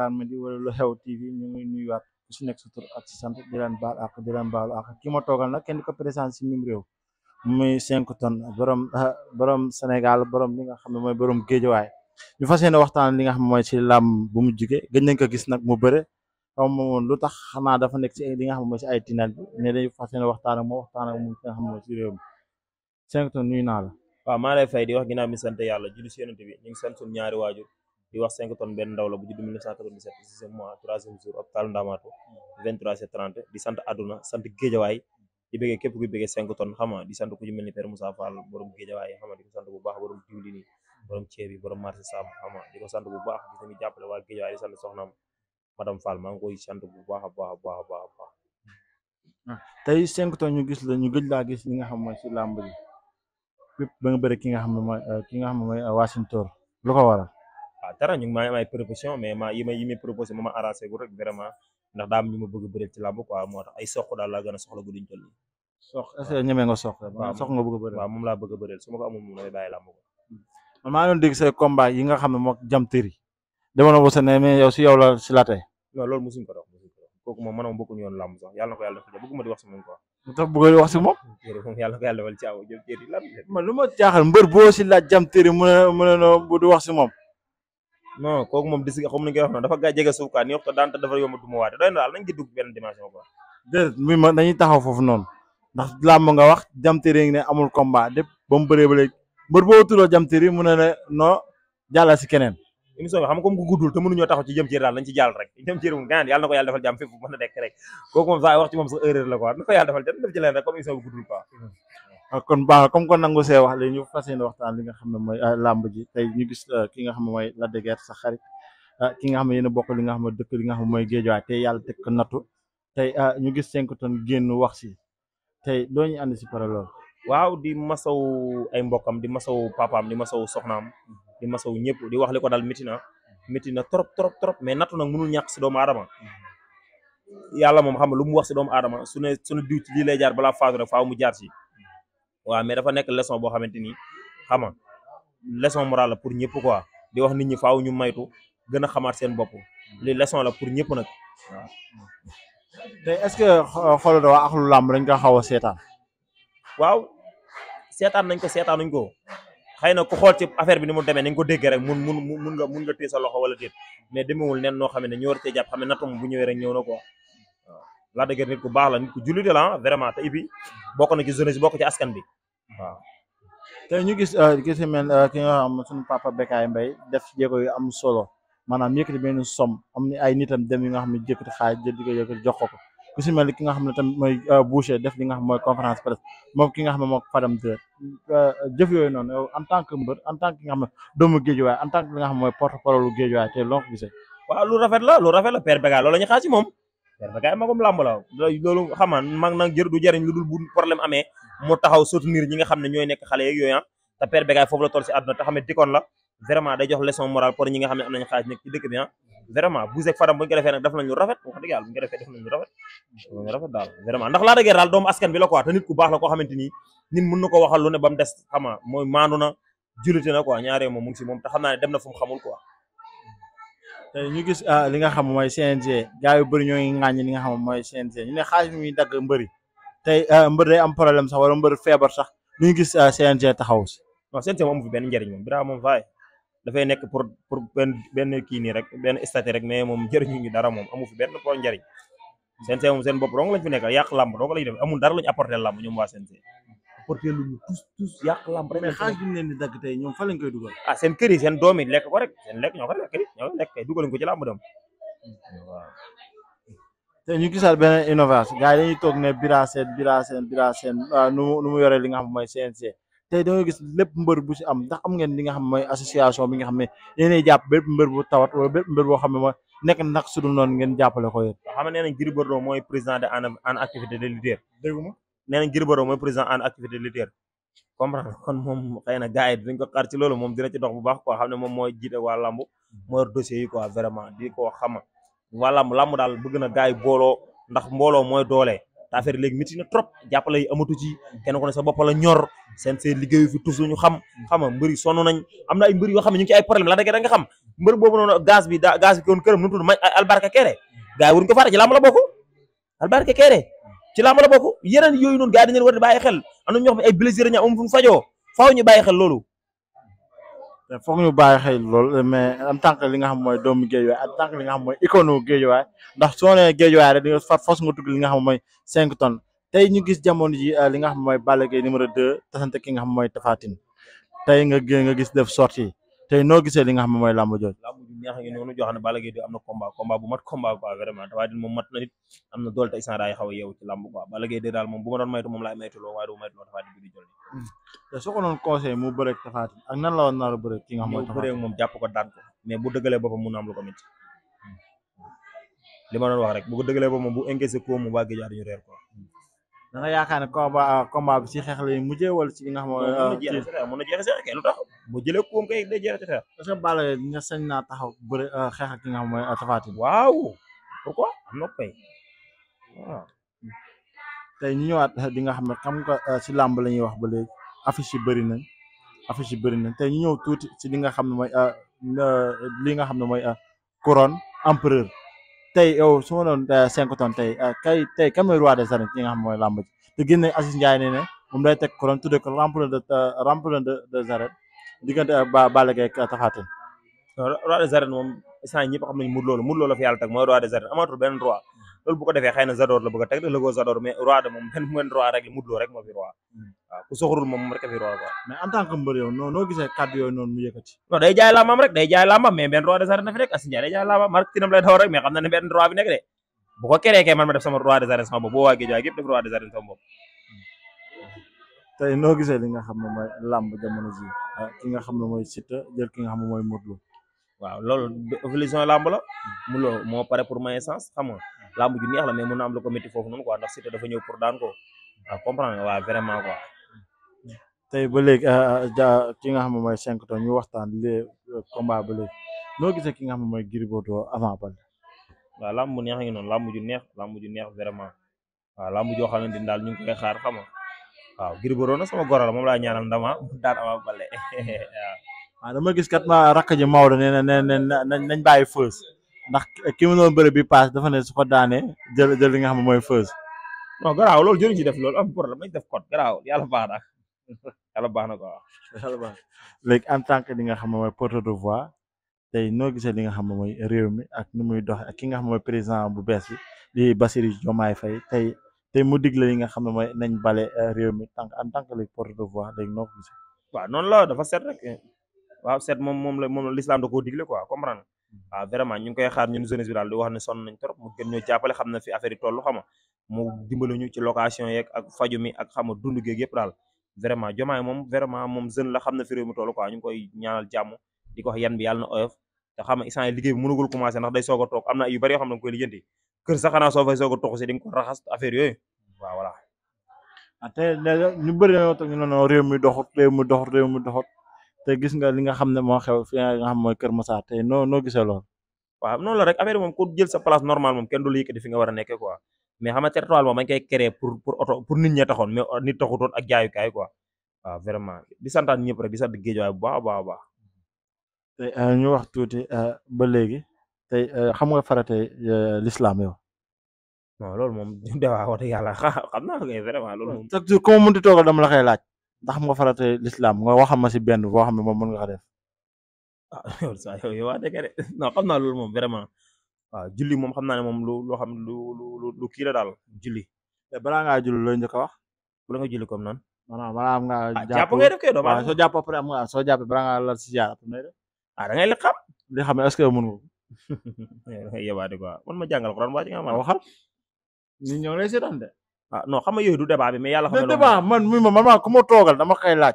Dakar Midi a lu xew TV ñu ngi nuyuwaat ku si nekk sa tur ak si sant di leen baal ak di leen baalu ak ki ma toogal nag kenn di ko présenté si mim réew muy cinq tonnes borom borom nga xam ne mooy borom géejawaay ñu fas yéene li nga xam ne mooy si làmb bu mu jóge gëj nañ ko gis nag lu tax xanaa dafa nekk si li nga xam ne mooy si ay la waaw maa lay fay di wax ginnaaw mi sant yàlla julli si yonent bi ñu sant suñu ñaari waajur di wax 5 tonnes benn ndaw la bu judd 1997 sixième mois troisième jour hôpital Ndamatou 23 c'est 30 di sant àdduna sant géejawaay di bëggee képp kuy bëggee 5 tonnes xam nga di sant ku ci mel ni Père Moussa Fall borom géejawaay xam nga di ko sant bu baax borom diwlin yi borom ceeb yi borom marché sàmm di ko sant bu baax di tamit jàppale waa géejawaay di sant soxnaam madame Fall maa ngi koy sant bu baax a baax a baax ah, ñu gis la ñu gëj laa gis li nga xam mooy si làmb ji bépp ki nga xam ne mooy ki nga xam ne mooy Wassintor lu ko waral waaw dara ñu ngi may am ay proposition mais ma yi ma yi may proposé ma ma arrangé gu rek vraiment ndax daa am ñu ma bëgg bëreel ci làmb quoi moo tax ay soq daal laa gën a soxla guddiñ toll soq est-ce que ñeme nga soq soq nga bëgg a bëreel waaw moom laa bëgg a bëreel su ma ko amul moom lay bàyyi làmb ko hmm. man maa doon dégg say combat yi nga xam ne moo jam tëri demoon na bu sa ne mais yow si yow la si la tey non loolu musuñ ko dox musuñ ko dox kooku moom man moom bokkuñu yoon làmb sax yàlla na ko yàlla defal bëgguma di wax si moom quoi lu tax bëgg wax si moom yàlla na ko yàlla defal ci aw jëm tëri lan man lu ma jaaxal mbër boo si laaj jam tëri mu ne mu ne bu du wax si moom no kooku moom disi xam ni nga wax noonu dafa gaa jege suuf quoi ni wax ko daan te dafa yomb du ma waate doy na daal nañ ci benn dimension quoi. déedéet muy ma dañuy taxaw foofu noonu ndax làmb nga wax jamtéri ngi ne amul combat dépp ba mu bëree ba léegi mbër mu ne ne non jàlla si keneen émission bi xam nga ku guddul te mënuñoo taxaw ci jëm ci daal lañ ci jàll rek jëm ci moom gaan yàlla na ko yàlla defal jàmm fépp mën a nekk rek kooku moom saa Ah, kon baax comme kon nangu see wax léegi ñu fas yéene waxtaan li nga xam ne mooy ah, làmb ji tey ñu gis ah, ki nga xam ne mooy Lac de Guiers xarit ki nga xam ne yéen a bokk li nga xam ne dëkk li nga xam ne mooy Géejawaay tey ko nattu tey ñu gis cinq tonnes génn wax si tey doo ñu ànd si parole waaw di masaw ay mbokkam di masaw papaam di masaw soxnaam di masaw ñëpp di wax li ko daal métti na métti na trop trop trop mais nattu nag mënul ñàkk si doomu aadama yàlla moom xam nga lu mu wax si doomu aadama su ne su ne diw ci lay jaar balaa faatu faaw mu jaar si wa mais dafa nekk leçon boo xamante ni xam nga la pour ñëpp quoi di wax nit ñi faaw ñu maytu gën a xamaat seen bopp li leçon la pour ñëpp nag waaw. tey est-ce que xoolal waa axlu làmb dañ ko xaw a seetaan. waaw ko seetaanuñ ko xëy na ku xool ci affaire bi ni mu demee nañ ko déggee rek mun mun mun nga mun nga téye sa loxo wala déet mais demewul nen noo xam ne ñoo war cee jàpp xam rek ñëw na Lac de Guiers nit ku baax la nit ku jullite la vraiment te ibi bokk na ci jeunesse bokk ci askan bi waaw. tey ñu gis euh, gis mel euh, ki nga xam suñu papa Bécaye Mbaye def jéego am solo maanaam yëkkati benn som am ni ay nitam dem yi nga xam ne jëkkati xaaj jëndi ko jox ko ko ku si mel ki nga xam ne tamit mooy euh, Boucher def nga xam mooy conférence presse moom ki nga xam moo Fadam de jëf yooyu noonu en tant que mbër en tant que nga xam ne doomu Géejuwaay en tant que li xam mooy porte parole u Géejuwaay tey loo ko gisee. waaw lu rafet la lu rafet la père Bécaye loolu ñu xaar moom. Garga magum làmb la loolu xam mag nag du jëriñ lu dul bu problème amee mu taxaw soutenir ñi nga xam ne ñooy nekk xale yeeg yooyu ah te Père Bécaye foofu la toll si àdduna te xam ne dikkoon la vraiment day jox leçon morale pour ñi nga xam ne am nañu xaaj nekk ci dëkk bi ah vraiment bu Fadam bu ñu ko defee nag def nañ rafet daal vraiment ndax laa dëggee doomu askan bi la quoi nit ku baax la koo xamante nit mën na ko waxal lu ne ba des xam nga ñu gis ah, li nga xam mooy CNG gars yu bëri ñoo ngi ŋàññi li nga xam mooy CNG ñu ne xaalis mi muy dagg mbëri tey ah, mbër am problème sax wala mbër feebar sax lu ñu gis ah, CNG taxaw si. non CNG moom amu fi benn njëriñ moom Bira moom faay dafay nekk pour pour benn benn kii nii rek benn statut rek mais moom njëriñu ñu dara moom amu fi benn pro njëriñ CNG moom seen bop dong lañ fi nekkal yàq làmb dong lañ def amul dara lañ apporté làmb ñoom waa CNG apporté lu ñu tous tous yàq lamb rek. mais xaalis bi leen di dagg tey ñoom fa lañ koy ah, seen yi seen doom yi lekk ko rek seen lekk ñoo ko ko ci lamb dem waaw. te ñu gisal beneen innovation gars yi dañuy toog ne bira seen bira seen bira seen ah, mu nu li nga xam mooy CNC tey da gis lépp mbër bu si am ndax am ngeen li nga xam mooy association bi nga xam ne yéenay jàpp bépp mbër bu tawat wala bépp mbër boo xam ne mooy nekk nag su dul noonu ngeen jàppale ko yéen. xam nga nee nañ mooy président de en activité de leader dégg nee nañ Gris Bordeaux mooy président en activité luttaire comprendre kon moom xëy na gars yi ko xaar loolu moom dina ci dox bu baax moom mooy jiite waa lamb mooy dossier yi quoi vraiment di ko xama waa lamb lamb daal bëgg na gars yi booloo ndax mbooloo mooy doole ta affaire léegi métti na trop jàppale yi amatu ci kenn ku sa bopp la ñor seen seen liggéey fi tous ñu xam xam nga mbëri sonn nañ am na ay mbëri yoo xam ne ñu ngi ci ay problème la da nga xam mbër boobu noonu gaz bi da gaz bi koon këram nu tudd ma albarka kere gars ko faata ci làmb la bokk yeneen yooyu noonu gars yi dañu war di bàyyi xel am na ñoo xam ne ay blessure la ñu am fu ñu fajoo faaw ñu bàyyi xel loolu. foog ñu bàyyi xel loolu mais en li nga xam mooy doomu géejuwaay en tant que li nga xam mooy icône géejuwaay ndax soo nee géejuwaay rek di nga fas nga li nga xam mooy cinq tonnes tey ñu gis jamono ji euh, li nga xam mooy Balla Gaye numéro deux tasante ki nga xam mooy te Tine tey nga nga gis def sortie tey noo gisee li nga xam mooy làmb jooju neex ngi noonu joo xam ne Balla Gaye am na combat bu mat combat quoi vraiment Tapha Tine moom mat na nit am na doole a yeewu ci làmb quoi Balla Gaye di daal moom bu ma doon maytu moom laay maytuloo waaye du ma maytuloo Tapha Tine bi di jol te hmm. soo ko doon conseil mu bëreeg Tapha Tine ak nan la war nar ki nga moom jàpp ko daan mais bu dëggalee boppam mun na am lu hmm. Hmm. li ma doon wax rek bu ko dëggalee boppam moom bu encaissé ko moom waa Géejawaay dañu reer quoi da nga yaakaar ne combat ah, combat bi si xeex lay mujjee wala si li nga xam ah, ah, mën na jeex kay lu tax bu jëlee koom kay day jeex est ce que Balla nga sañ naa taxaw bëri xeex ak ki nga xam mooy Tapha Tine waaw pourquoi am na kay waaw tey ñu ñëwaat di nga xam ne xam nga si làmb la ñuy wax ba léegi affiche yi bëri nañ affiche yi bëri nañ tey ñu ñëw tuuti si li nga xam ne mooy li nga xam ne mooy couronne empereur tey yow su noon doon eh, cinq tonnes tey eh, kay tey kan mooy roi des arènes yi nga xam mooy làmb ji te gis nañ Aziz Ndiaye ne ne moom day teg couronne tudde ko rampoule de euh, rampoule de des arènes diggante ak euh, ba Balla Gaye ak euh, Tapha Tine roi des arènes moom instant ñëpp xam nañ Modou Lo la Modou yàlla teg mooy roi des arènes amatul benn roi loolu bu ko defee xëy na Zador la bëgg a teg lëgoo Zador mais moom moom moom rek a fi roi quoi mais en tant que mbër yow noo noo gisee kàddu yooyu noonu jaay laamam rek day jaay laamam mais benn roi des arènes na fi nekk Asin Ndiaye day jaay laamam Marc Tinam lay daw rek mais xam na ne benn roi de bu ko keree kay man ma def sama roi des arènes sama bopp boo waa li nga xam ne mooy làmb jamono ji ah, ki nga xam ne mooy Siteu jël ki nga xam ne mooy Modou Lo waaw loolu évolution làmb la mu loo moo pare pour ma essence xam nga lamb ju neex la mais mën na am a ko métti foofu noonu quoi dafa ñëw pour daan ko waaw ah, comprendre nga waaw vraiment quoi. tey ba léegi ah, ah, ja ki nga xam ne mooy 5 tonnes ñu waxtaan lii euh, combat ba léegi noo gisee ki nga xam ne mooy Gris Bordeaux avant Baldé. waaw lamb bu neex ngi noonu lamb ju neex lamb ju neex vraiment waaw xamante ni daal ñu ngi koy xaar xam nga waaw Gris Bordeaux na sama goro la moom laa ñaanal ndama daan avant Baldé waaw. waaw dama gis kat ma rakk ji Maodo nee na nee nañ bàyyi fës. ndax ki mu doon bëre bi paas dafa ne su ko daanee jël jël li nga xam ne mooy Feuz. non garaaw loolu jëriñ ci def loolu am problème dañ def code garaaw yàlla baax na baax na quoi yàlla en tant que nga xam ne mooy porte de voix tey noo gisee li nga xam ne mooy réew mi ak ni muy dox ki nga xam ne président bu bees bi di Bassirou Diomaye Faye tey tey mu digle li nga xam ne mooy nañ bale euh, réew mi tant en tant que léegi porte de voix noo ko noonu la dafa set rek waaw set moom moom la moom l'islam da koo digle quoi comprendre waaw ah, vraiment ñu ngi koy xaar ñun jeunesse bi daal di wax ne sonn trop mu gën xam na affaire yi xama mu dimbali ñu ci location yeeg ak faju ak xama dund geeg yëpp daal vraiment jomaay moom vraiment moom jeune la xam na fi réew mi toll ñu koy ñaanal jàmm di ko bi yàlla na oyof te xam nga liggéey bi mënagul commencé ndax day soog a am na yu bari xam ne danga koy lijjanti kër sax xanaa soo fay soog a toog si di nga ko raxas affaire yooyu ah, te gis nga li nga xam ne moo xew fi nga xam mooy Kër Massar tey noo noo lool. waaw noonu la rek affaire moom ku jël sa place normal moom kenn du la yëkkati fi nga war a nekkee quoi mais xam nga territoire moom dañ koy créer pour pour oto santaan ñëpp rek di sant géejawaay bu a baax a baax. Euh, wax tuuti euh, ba léegi tey euh, xam nga faratee l'islam yow. non loolu moom waaw wax dëgg yàlla xam naa ko vraiment loolu moom. comme mënut a toogal dama la laaj. ndax xam nga farata lislaam nga waxal ma si benn boo xam ne moom mën nga ko def. ah yow saa yow wax dëgg de non xam naa moom vraiment waaw julli moom xam naa ne moom lu loo xam lu lu lu kii daal julli. te eh, balaa ngaa julli looy njëkk a wax. bala nga julli kom nan. maanaam balaa am nga ah, jàpp ngay def kay doo waaw soo jàpp après am nga soo jàppee balaa ngaa lal si jaar après. ah da ngay li xam. li xam ne est-ce que mën nga ko. yow wax ma jàngal Alxuraan waa nga ma waxal. ñu ah non xam nga yooyu du débat bi mais yàlla xam nga débat man mi ma man maa ku ma toogal dama koy laaj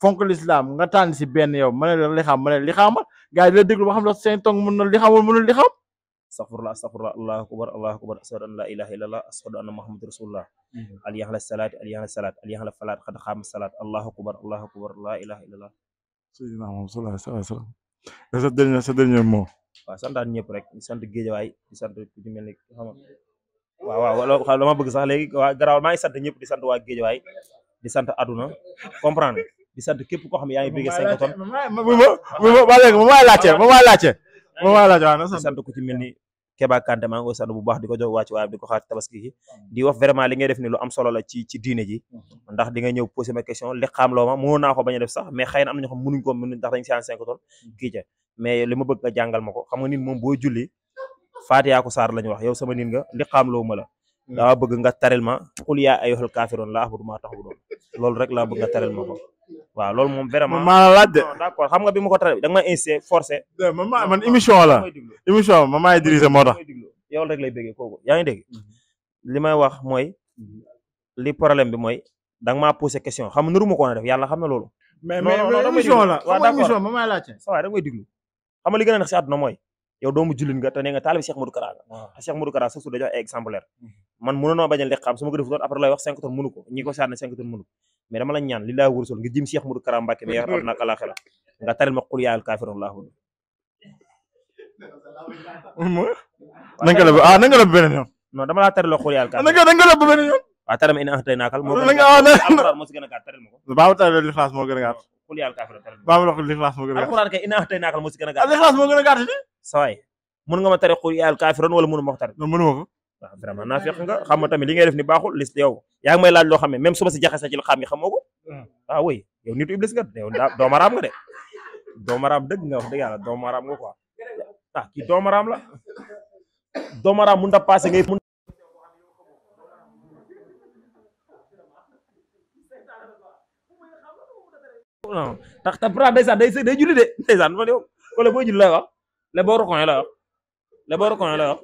fonk lislaam nga tànn si benn yow ma ne la li xam ma li xaamal gars yi di la déglu ma xam la seen tong mën na li xamul mënul li xam astaghfirullah astaghfirullah allahu akbar allahu akbar ashhadu an la ilaha illallah ashhadu anna muhammadur rasulullah mhm. aliyah la salat aliyah la salat aliyah la falat qad qama salat allahu akbar allahu akbar la ilaha illallah sayyidina muhammad sallallahu alayhi wasallam sa dernier sa waaw wala dama bëgg sax léegi waa garaawal maa ngi sant ñëpp di sant waa Géejawaay di sant aduna comprendre di sant képp koo xam ne yaa ngi bëgg 5 tonnes. ba léegi moom maa laajte moom maa laajte moom maa laajte waaw di sant ni Keba Kanté maa ngi koy sant di ko jox wàcc waaye di ko xaar tabaski di wax vraiment li def ni am solo ci ci ji ndax di nga ñëw question li xam loo ma mënoon a def sax mais xëy na am na ñoo xam ndax dañ si 5 tonnes kii ca mais li ma nga jàngal ko xam nga nit faatiyaa ko saar lañu wax yaw sama nit nga liqaam loo ma la hmm. bëgg nga tarel ma a yaa ayyuhal kaafiroon laa abudu maa ta'buduun loolu rek laa bëgg nga tarel ma ko waaw loolu moom vraiment man maa d'accord xam nga bi ma ko tarel da nga ma incité forcé man man la émission ma maay dirigé moo tax yow rek lay bëggee kooku yaa ngi dégg hmm. li may wax mooy li problème bi mooy da nga maa posé question xam nuru ma ko woon def yàlla xam na loolu mais mais la waaw ma maay laajte sa waay si àdduna yow doomu jullit nga te nee nga taalibi Cheikh Modou Kara nga ah. te Cheikh mm-hmm. a Kara sa su dañoo ay man mënunoo bañal liqaam su ma ko defutoon après lay wax cinq tonnes mënu ko dama la ñaan li laa wërsul nga jëm Cheikh Modou Kara Mbacke mi yaakaar naa kalaa xela nga taril ma qul yaayal kaafiruun laa xul nanga ah, nanga la beneen yoon non dama laa tariloo qul yaayal kaafiruun nanga nanga beneen yoon waaw taram in ahtaynaakal moo gën a gàtt ah, moo si gën a gàtt taril ma li xaas moo gën a xul yàlla kaafir ba ma la ko lixlaas moo gën a gàtt alxuraan kay a gàtt ah, lixlaas moo gën a gàtt di mun nga ma tari xul yàlla kaafiroon wala mënu ma ko tari mënu ma nga xam tamit li ngay def ni baaxul liste yow yaa ngi may laaj loo xam ne même su ma si jaxase ci xam yi xamoo ko hmm. ah oui yow nitu iblis nga yow doomaraam nga de doomaraam dëgg nga wax dëgg yàlla doomaraam nga quoi ah kii doomaraam la doomaraam mun ta passé ngay non ndax te pourtant ndeysaan day sëy day julli de ndeysaan man yow wala boo julli la wax le boo la wax le boo la wax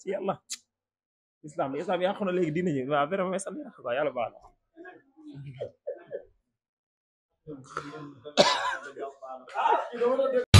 ci yàlla islam islam yaa xam ne léegi dina ji waaw vraiment islam yaa xam yàlla